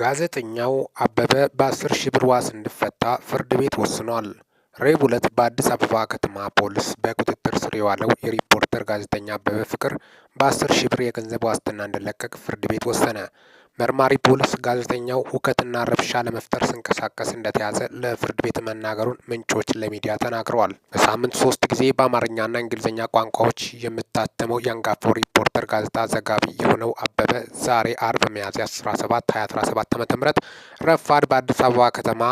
ጋዜጠኛው አበበ በ10 ሺህ ብር ዋስ እንዲፈታ ፍርድ ቤት ወስኗል። ረቡዕ ዕለት በአዲስ አበባ ከተማ ፖሊስ በቁጥጥር ስር የዋለው የሪፖርተር ጋዜጠኛ አበበ ፍቅር በ10 ሺህ ብር የገንዘብ ዋስትና እንዲለቀቅ ፍርድ ቤት ወሰነ። መርማሪ ፖሊስ ጋዜጠኛው ሁከትና ረብሻ ለመፍጠር ሲንቀሳቀስ እንደተያዘ ለፍርድ ቤት መናገሩን ምንጮች ለሚዲያ ተናግረዋል። በሳምንት ሶስት ጊዜ በአማርኛና እንግሊዝኛ ቋንቋዎች የምታተመው የአንጋፋው ሪፖርተር ጋዜጣ ዘጋቢ የሆነው አበበ ዛሬ አርብ ሚያዝያ 17 2017 ዓ.ም ረፋድ በአዲስ አበባ ከተማ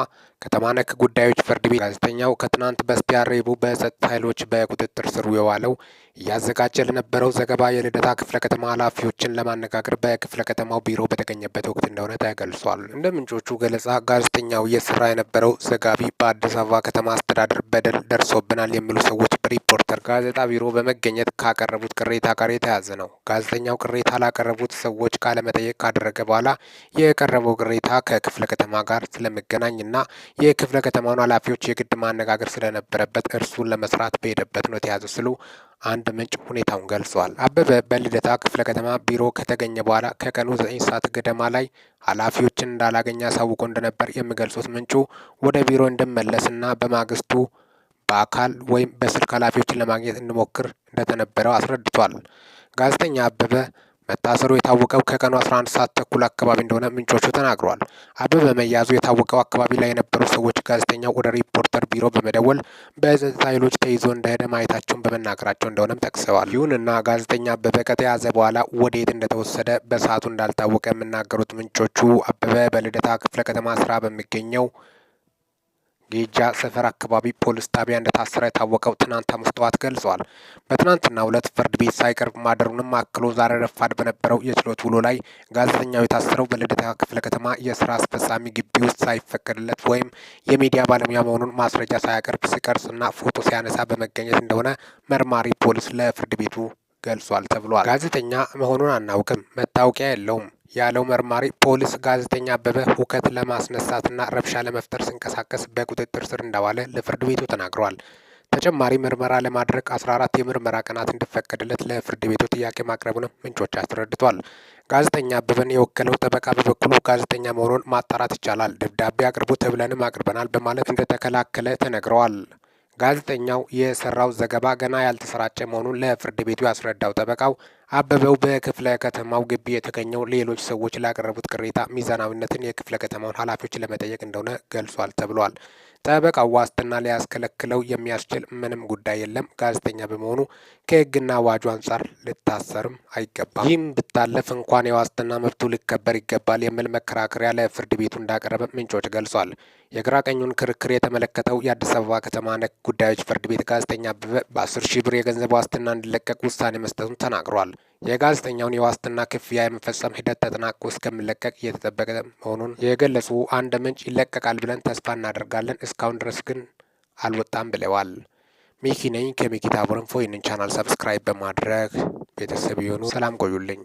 ከተማ ነክ ጉዳዮች ፍርድ ቤት ጋዜጠኛው ከትናንት በስቲያ ረቡዕ በጸጥታ ኃይሎች በቁጥጥር ስር የዋለው እያዘጋጀ ለነበረው ዘገባ የልደታ ክፍለ ከተማ ኃላፊዎችን ለማነጋገር በክፍለ ከተማው ቢሮ በተገኘበት ወቅት እንደሆነ ተገልጿል። እንደ ምንጮቹ ገለጻ ጋዜጠኛው እየሰራ የነበረው ዘጋቢ በአዲስ አበባ ከተማ አስተዳደር በደል ደርሶብናል የሚሉ ሰዎች በሪፖርተር ጋዜጣ ቢሮ በመገኘት ካቀረቡት ቅሬታ ጋር የተያዘ ነው። ጋዜጠኛው ቅሬታ ላቀረቡት ሰዎች ቃለመጠየቅ ካደረገ በኋላ የቀረበው ቅሬታ ከክፍለ ከተማ ጋር ስለመገናኝና የክፍለ ከተማውን ኃላፊዎች የግድ ማነጋገር ስለነበረበት እርሱን ለመስራት በሄደበት ነው የተያዘ ስሉ አንድ ምንጭ ሁኔታውን ገልጿል። አበበ በልደታ ክፍለ ከተማ ቢሮ ከተገኘ በኋላ ከቀኑ ዘጠኝ ሰዓት ገደማ ላይ ኃላፊዎችን እንዳላገኘ አሳውቆ እንደነበር የሚገልጹት ምንጩ ወደ ቢሮ እንድመለስና በማግስቱ በአካል ወይም በስልክ ኃላፊዎችን ለማግኘት እንሞክር እንደተነበረው አስረድቷል። ጋዜጠኛ አበበ መታሰሩ የታወቀው ከቀኑ 11 ሰዓት ተኩል አካባቢ እንደሆነ ምንጮቹ ተናግረዋል። አበበ መያዙ የታወቀው አካባቢ ላይ የነበሩ ሰዎች ጋዜጠኛው ወደ ሪፖርተር ቢሮ በመደወል በጸጥታ ኃይሎች ተይዞ እንደሄደ ማየታቸውን በመናገራቸው እንደሆነም ጠቅሰዋል። ይሁንና ጋዜጠኛ አበበ ከተያዘ በኋላ ወዴት እንደተወሰደ በሰዓቱ እንዳልታወቀ የሚናገሩት ምንጮቹ አበበ በልደታ ክፍለ ከተማ ስራ በሚገኘው ጌጃ ሰፈር አካባቢ ፖሊስ ጣቢያ እንደታሰረ የታወቀው ትናንት ሐሙስ ገልጿል። በትናንትና ሁለት ፍርድ ቤት ሳይቀርብ ማደሩንም አክሎ ዛሬ ረፋድ በነበረው የችሎት ውሎ ላይ ጋዜጠኛው የታሰረው በልደታ ክፍለ ከተማ የስራ አስፈጻሚ ግቢ ውስጥ ሳይፈቀድለት ወይም የሚዲያ ባለሙያ መሆኑን ማስረጃ ሳያቀርብ ሲቀርጽና ፎቶ ሲያነሳ በመገኘት እንደሆነ መርማሪ ፖሊስ ለፍርድ ቤቱ ገልጿል ተብሏል። ጋዜጠኛ መሆኑን አናውቅም፣ መታወቂያ የለውም ያለው መርማሪ ፖሊስ ጋዜጠኛ አበበ ሁከት ለማስነሳትና ረብሻ ለመፍጠር ሲንቀሳቀስ በቁጥጥር ስር እንደዋለ ለፍርድ ቤቱ ተናግረዋል። ተጨማሪ ምርመራ ለማድረግ 14 የምርመራ ቀናት እንዲፈቀድለት ለፍርድ ቤቱ ጥያቄ ማቅረቡንም ምንጮች አስረድቷል። ጋዜጠኛ አበበን የወከለው ጠበቃ በበኩሉ ጋዜጠኛ መሆኑን ማጣራት ይቻላል፣ ደብዳቤ አቅርቡ ተብለንም አቅርበናል በማለት እንደተከላከለ ተነግረዋል። ጋዜጠኛው የሰራው ዘገባ ገና ያልተሰራጨ መሆኑን ለፍርድ ቤቱ ያስረዳው ጠበቃው አበበው በክፍለ ከተማው ግቢ የተገኘው ሌሎች ሰዎች ላቀረቡት ቅሬታ ሚዛናዊነትን የክፍለ ከተማውን ኃላፊዎች ለመጠየቅ እንደሆነ ገልጿል ተብሏል። ጠበቃ ዋስትና ሊያስከለክለው የሚያስችል ምንም ጉዳይ የለም፣ ጋዜጠኛ በመሆኑ ከህግና አዋጁ አንጻር ልታሰርም አይገባም፣ ይህም ብታለፍ እንኳን የዋስትና መብቱ ሊከበር ይገባል የሚል መከራከሪያ ለፍርድ ቤቱ እንዳቀረበ ምንጮች ገልጿል። የግራ ቀኙን ክርክር የተመለከተው የአዲስ አበባ ከተማ ነክ ጉዳዮች ፍርድ ቤት ጋዜጠኛ አበበ በ10 ሺህ ብር የገንዘብ ዋስትና እንዲለቀቅ ውሳኔ መስጠቱን ተናግሯል። የጋዜጠኛውን የዋስትና ክፍያ የመፈጸም ሂደት ተጠናቆ እስከሚለቀቅ እየተጠበቀ መሆኑን የገለጹ አንድ ምንጭ ይለቀቃል ብለን ተስፋ እናደርጋለን፣ እስካሁን ድረስ ግን አልወጣም ብለዋል። ሚኪ ነኝ ከሚኪታ ቦረንፎ። ይህንን ቻናል ሰብስክራይብ በማድረግ ቤተሰብ የሆኑ ሰላም ቆዩልኝ።